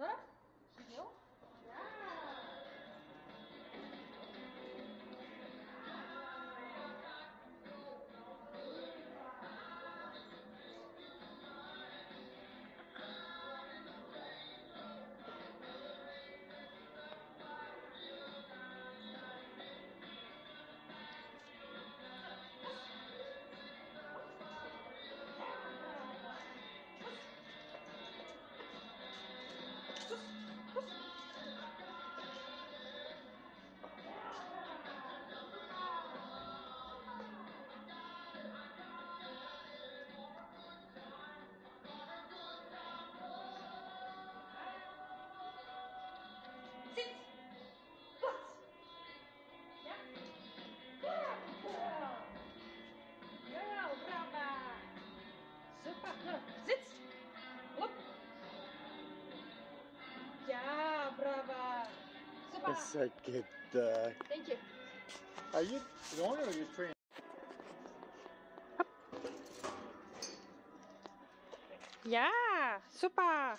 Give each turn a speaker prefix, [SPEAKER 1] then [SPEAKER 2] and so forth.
[SPEAKER 1] হ্যাঁ
[SPEAKER 2] It's a good day. Thank you. Are you going or are you praying? Yeah, super.